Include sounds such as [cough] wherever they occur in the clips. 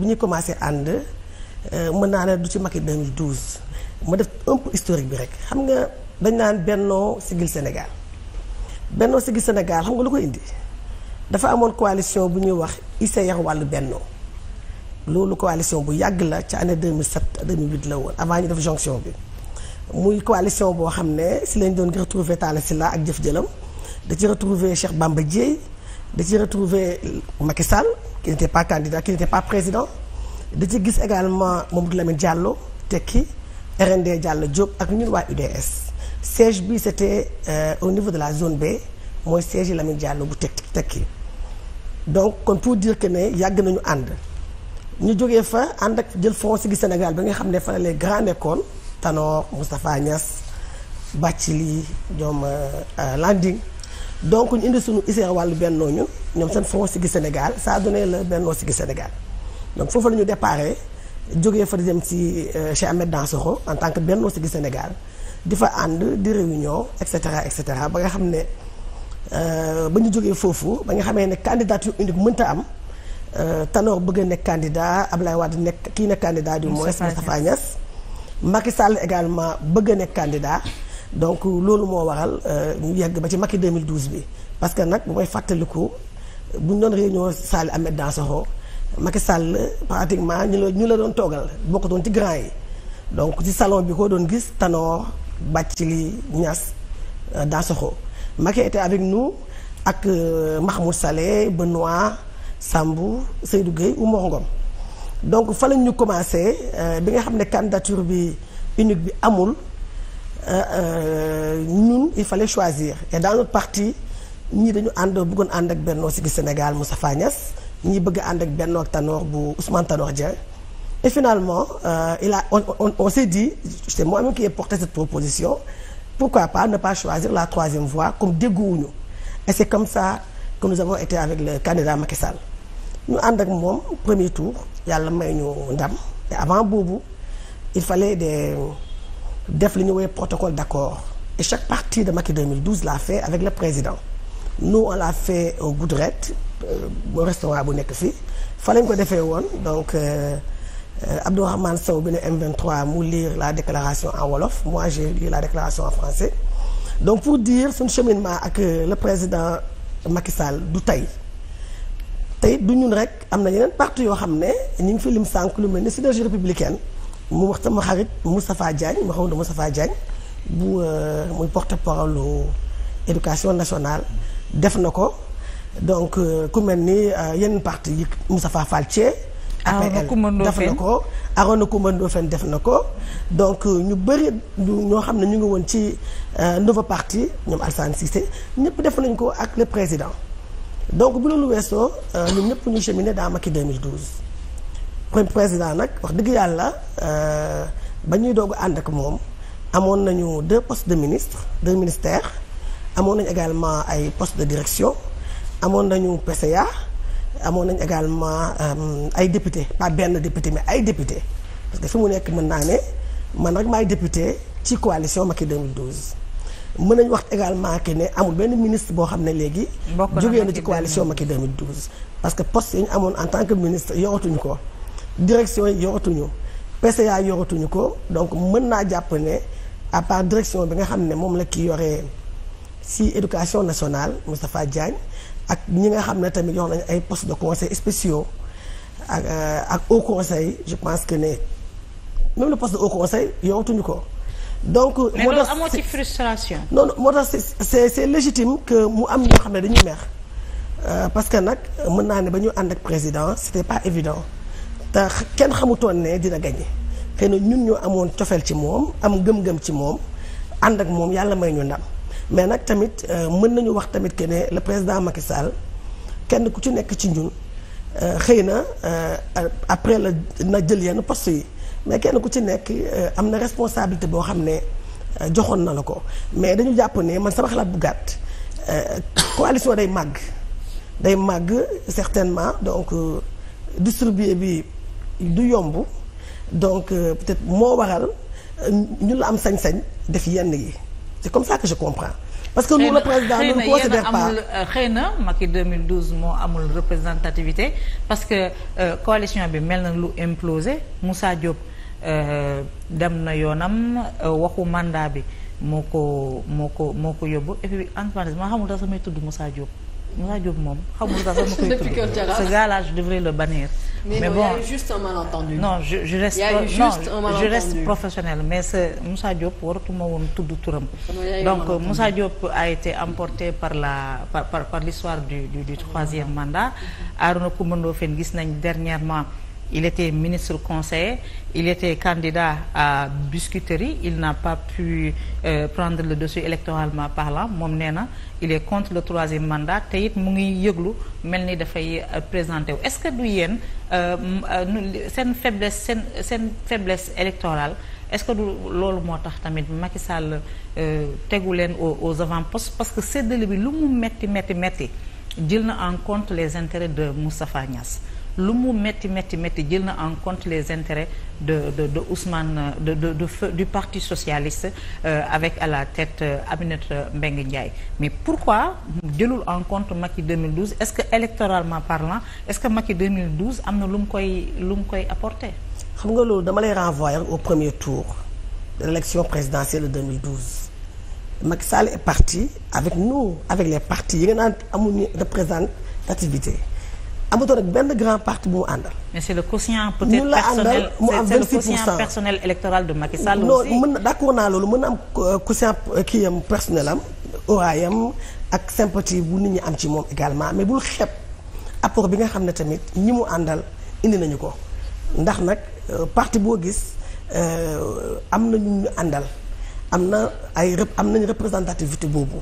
bu ñu commencé ànd euh, mën naa ne du ci Macky 2012 ma def un historique bi rek xam nga dañ naan Bennoo Siggil Sénégal Bennoo Siggil Sénégal xam nga lu ko indi dafa amoon coalition bu ñuy wax isse ICR wàllu Bennoo loolu coalition bu yàgg la ci année 2007 2008 la woon avant ñu def jonction bi muy coalition boo xam ne si lañ doon retrouver Talla Sylla ak jëf jëlam da ci retrouver Cheikh Bamba Dièye da ci retrouver Macky Sall qui n'était pas candidat qui n'était pas président da ci gis également Mamadou Lamine Diallo Tekki RND jàll Diop ak ñun waa UDS siège bi c'était euh, au niveau de la zone B mooy siège Lamine Diallo bu Tekki Tekki donc kon pour dire que ne yàgg nañu ànd ñu jógee fa ànd ak jël Front Siggil Sénégal bi nga xam ne fa la les grands nekkoon Tanor Moustapha Niass Bathily ñoom euh, euh, Landing donc ñu indi suñu iseer wàllu bennoo ñu ñoom seen front Siggi Sénégal ça a donné le Benno Siggi Sénégal donc foofu la ñu déparé jógee fa di dem ci euh, Cheikh Ahmed Dansokho en tant que Benno Siggi Sénégal di fa ànd di réunion et cetera et cetera ba nga xam ne euh, ba ñu jógee foofu ba nga xamee ne candidature unique mënta am euh, Tanor bëgg a nekk candidat Ablaye di nekk kii nekk candidat du sa Moustapha Niass Macky Sall également bëgg a nekk candidat donc loolu moo waral ñu yegg ba ci Macky 2012 bi parce que nag bu may bu ñu doon réunion Sall Ahmed Dansokho Macky Sall pratiquement ñu la ñu la doon toogal bokkatoon ci grand yi donc ci salon bi ko doon gis Tanor Bathily Niass euh, Dansokho Macky était avec nous ak euh, Mahmoud Saleh Benoît Sambou Seydou Gueye Oumar Ngom donc fa lañ ñu commencé euh, bi nga xam ne candidature bi unique bi amul ñun il fallait choisir et dans notre ñii dañu àndoo bëggoon ànd ak Bennoo Siggi Sénégal Moustapha Niasse ñii bëgg ànd ak Bennoo ak Tanor bu Ousmane Tanor Dieng et finalement euh, il a on on, on s'est dit c'est moi-même qui ai porté cette proposition pourquoi pas ne pas choisir la troisième voie comme dégguwuñu et c'est comme ça que nous avons été avec le candidat Macky ñu ànd ak moom premier tour yàlla may ñu ndam et avant boobu il fallait de def li ñu woowee protocole d'accord et chaque parti de Macky 2012 l'a fait avec président nous on l'a fait au Goudrette bu euh, restaurant bu nekk fii fa lañ ko defee woon donc euh, euh, Abdourahmane Sow bi ne M23 mu lire la déclaration en wolof moi j'ai lu la déclaration en français donc pour dire suñu cheminement ak la président Macky Sall du tey tey du ñun rek am na neen parti yoo xam ne ñu ngi fi lim sànq lu mel ni Synergie républicaine mu wax sama xarit Moustapha Diagne Mouhamadou Moustapha Diagne bu muy porte-parole éducation national def na ko donc euh, ku mel ni euh, yenn parti yi Moustapha Fall Thié APL ah, def na ko Arona Coumba Ndoffène def na ko donc euh, ñu bëri ñoo xam ne ñu ngi woon ci nouveau parti ñoom Alassane Cissé ñëpp def nañ ko ak le président donc bu loolu weesoo ñun ñëpp ñu cheminer daa Macky 2012 premier président nag wax dëgg yàlla ba ñuy doog ànd ak moom amoon nañu deux postes de ministre deux ministères amoon nañ également ay poste de direction amoon nañu PCA amoon nañ également euh, ay député pas benn député mais ay député parce que fi mu nekk mën naa ne man rek maay député ci coalition Macky 2012 mën nañu wax également que ne amul benn ministre boo xam ne léegi jógee na ci coalition Macky 2012 parce que poste yi ñu amoon en tant que ministre yoratuñu ko direction yi yoratuñu PCA yoratuñu ko donc mën naa jàpp ne à part direction bi nga xam ne moom la kii yoree si éducation nationale Moustapha Diagne ak ñi nga xam ne tamit yox nañu ay postes de conseil spéciaux ak euh, ak haut conseil je pense que ne même le poste de haut conseil yowatuñu ko. donc euh, moo tax amoo ci frustration. c'est c'est légitime que mu am ñoo xam ne dañuy mer euh, parce que nag mën naa ne ba ñu ànd ak président c'était pas évident te kenn xamutoon ne dina gagner xëy na ñun ñoo amoon cofeel ci moom am gëm-gëm ci moom ànd ak moom yàlla may ñu ndam. mais nag tamit euh, mën nañu wax tamit que ne le président Macky Sall kenn ku ci nekk ci ñun euh, xëy na euh, après la na jël yenn poste yi mais kenn ku ci nekk am na responsabilité boo xam ne joxoon na la ko mais dañu jàpp ne man sama xalaat bu gàtt coalition day màgg day màgg certainement donc distribuer bi du yomb donc peut-être moo waral ñu la am sañ-sañ def yenn yi c'est comme ça que je comprends. parce que nous le président nous ne considère pas euh, xëy na Macky 2012 moo amul représentativité parce que euh, coalition bi mel na lu implosé Moussa Diop euh, dem na yoonam euh, waxu mandat bi moo ko moo ko moo ko yóbbu et puis en parenthèse ma xamul tax samay tudd Moussa Diop Moussa Diop moom xamul tax sama koy tudd [laughs] ce gars là je devrais mais, mais non, bon a eu juste non je reste professionnel mais c'est Moussa Diop waratuma woon tudd turam. donc euh, Moussa Diop a été emporté par la par par, par l'histoire du du du troisième mandat. Arouna Coumba Ndoffène gis nañ dernièrement. il était ministre conseiller il était candidat à Biscuiterie il n'a pas pu euh, prendre le dessus électoralement parlant moom nee na il est contre le troisième mandat te it mu ngi yëglu mel ni dafay euh, présenté wu est-ce que du yéen euh, seen faiblesse seen seen faiblesse électorale est-ce que du loolu moo tax tamit Macky Sall tegu leen aux aux avant-postes parce que séddale bi lu mu metti metti metti jël na en compte les intérêts de Moustapha Niass lu mu metti metti metti jël na en compte les intérêts de de de Ousmane de de de du parti socialiste euh, avec la tête euh, Aminata Mbengue Ndiaye mais pourquoi jëlul en compte Macky 2012 est-ce que électoralement parlant est-ce que Macky 2012 am na lu mu koy lu mu koy apporter. xam nga loolu dama lay renvoyer au premier tour de l'élection présidentielle de 2012. Macky Sall parti avec nous avec les partis yi nga naan amuñu activité amatoo rek benn grand parti bu mu àndal. mais c'est le quotient peut-être personnel mu la àndal mu am 26 pour cent c'est le quotient mën na d'accord naa loolu mën na am euh, quotient euh, kii am personnel am oraayam ak sympathie bu nit ñi am ci moom également mais bul xeeb apport bi nga xam ne tamit ñi mu àndal indi nañu ko ndax nag euh, parti boo gis am na ñu àndal am na ay am nañu représentativité boobu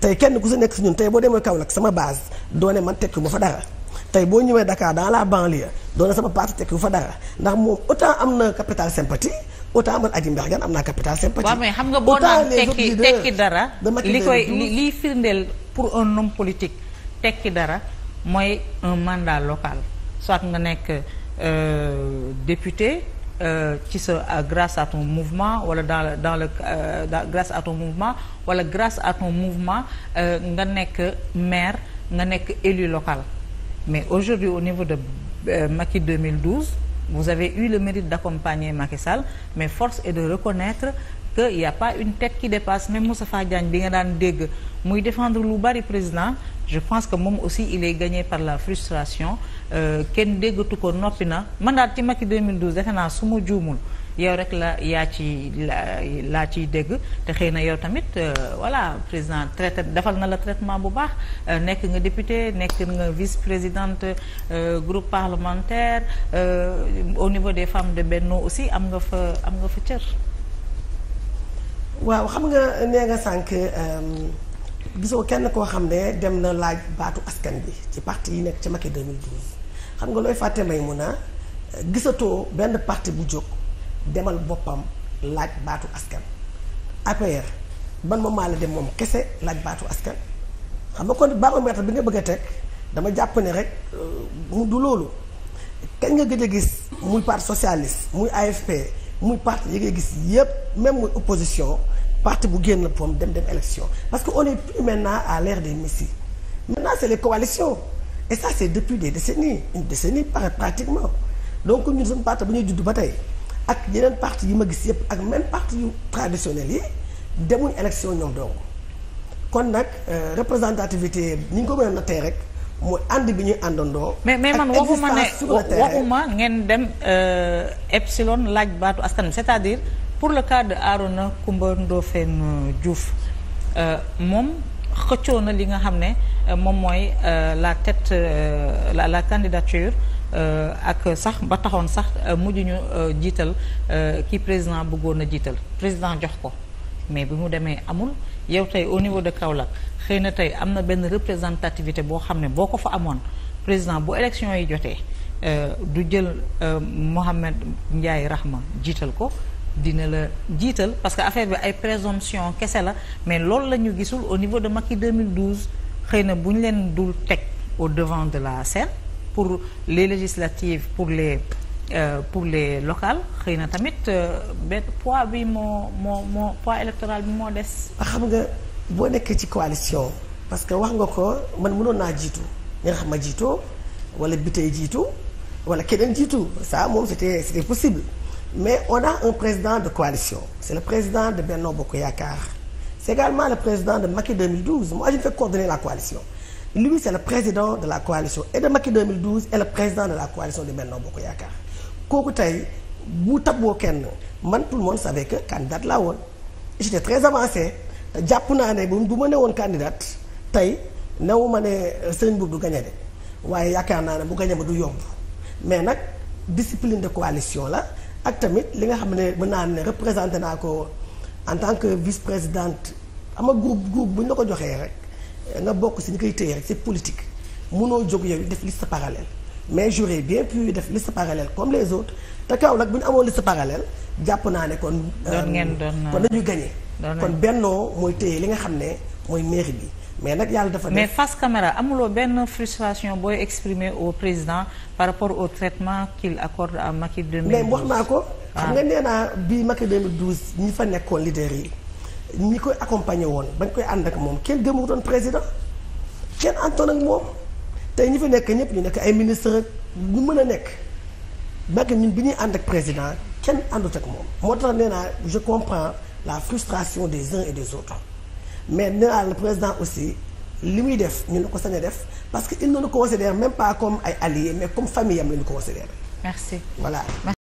tey kenn ku si nekk si ñun tey boo demee Kaolack sama base doone man tekki ma fa dara. tey boo ñëwee Dakar dans la banlieue doon na sama parti tekki wu fa dara ndax moom autant am na capital sympathie autant man Adji Mbergane am na capital sympathie. waaw mais xam nga boo naan tekki tekki dara. li koy liy firndeel pour un nom politique tekki dara mooy un mandat local soit nga nekk euh, député. Euh, ci sa euh, grâce à ton mouvement wala dans le dans le grâce à ton mouvement wala grâce à ton mouvement nga nekk maire nga nekk élu local mais aujourd'hui au niveau de euh, Macky 2012 vous avez eu le mérite d'accompagner Macky mais force est de reconnaître que il y pas une tête qui dépasse même Moustapha Diagne bi nga daan dégg muy défendre lu bari président je pense que moom aussi il est gagné par la frustration euh, kenn déggatu ko noppi na mandat ci Macky 2012 defe naa su ma juumul yow rek la yaa ci laa ciy dégg te xëy na yow tamit euh, voilà président traité defal na la traitement bu baax euh, nekk nga député nekk nga vice présidente euh, groupe parlementaire au niveau des femmes de Benno aussi am nga fa am nga fa cër. waaw xam nga nee nga sànq gisoo kenn koo xam ne dem na laaj baatu askan bi ci parti yi nekk ci Macky 2012 xam nga looy fàtte may mun a gisatoo benn parti bu jóg. demal boppam laaj baatu askan. APR ban moment la dem moom kese laaj baatu askan xam nga kon baromètre bi nga bëgg a teg dama jàpp ne rek euh, mu du loolu kañ nga gëj a gis muy parti socialiste muy AFP muy parti yi ngay gis yépp même muy opposition parti bu génn poom dem dem élection parce que on est plus maintenant à l'ère des messies maintenant c'est les coalitions et ça c'est depuis des décennies une décennie pratiquement donc ñun suñu parti bu ñuy judd ba tey ak yeneen parti yi ma gis yëpp ak même parti yu traditionnels yi demuñ élection ñoom donc kon nag euh, représentativité ni ñu ko mën a nattee rek mooy ànd bi ñuy àndandoo. mais mais man waxuma ne waxuma ngeen dem euh, epsilon laaj baatu askan wi c'est-à-dire pour le cas de Arona Coumba Ndoffène euh, Diouf moom xëccoo na li nga xam ne moom mooy la tête la la candidature. Euh, ak sax ba taxoon sax euh, mujjuñu ñu euh, jiital ki président bëggoon a jiital président jox ko mais bi mu demee amul yow tey au niveau de Kaolack xëy na tey am na benn représentativité boo xam ne boo ko fa amoon président bu élection yi jotee du jël Mohamed Ndiaye Rahma jiital ko dina la jiital parce que affaire bi ay présomption kese la mais loolu la ñu gisul au niveau de Macky 2012 xëy na bu ñu leen dul teg au devant de la scène pour les législatives pour les euh, pour les locales xëy na tamit euh, benn poids bi moo moo moo poids électoral bi moo des. xam nga boo nekkee ci coalition parce que wax nga ko man mënoon naa jiitu ñi nga xam ma jiitoo wala bitey jiitu wala keneen jiitu ça moom c'était c'était possible mais on a un président de coalition c'est le président de Benno Bokk Yaakaar c'est également le président de Macky 2012 moi je fais coordonner la coalition. lui c'est le président de la coalition et de Macky 2012 et le président de la coalition de Benno Bokk Yaakaar kooku tey bu taboo kenn man tout le monde savait que candidate laa woon j'étais très avancé te jàpp naa ne bu ma ne woon candidate tey new ma ne euh, sëriñ boobu du gañe de waaye yaakaar naa ne bu gañe ma du yomb mais nag discipline de coalition la ak tamit li nga xam ne mën naa ne représenté naa ko en tant que vice présidente ama groupe groupe la ko joxee rek nga bokk si ñu koy téye rek c'est politique munoo jóg yow def sa parallèle mais j'aurais bien pu def sa parallèle comme les autres te Kaolack bu ñu amoon sa parallèle jàpp naa ne kon. doon euh, ngeen doon euh, kon dañuy gagné. kon bennoo mooy téye li nga xam ne mooy mairie bi. mais nag yàlla dafa def mais face caméra amuloo benn frustration booy exprimer au président par rapport au traitement qu'il accorde à Macky 2012. mais wax naa ko. xam nga nee naa bii Macky 2012 ñi fa nekkoon leader yi. ñi koy accompagner woon bañ koy ànd ak moom kenn gëmu doon président kenn àndoon ak moom tey ñi fi nekk ñëpp ñu nekk ay ministre ñu mën a nekk mag ñun bi ñuy ànd ak président kenn àndut ak moom. moo tax nee naa je comprends la frustration des uns et des autres mais nee naa le président aussi li muy def ñu ne ko sañ a def parce que il ne nous considère même pas comme ay alliés mais comme famille am la ñu voilà.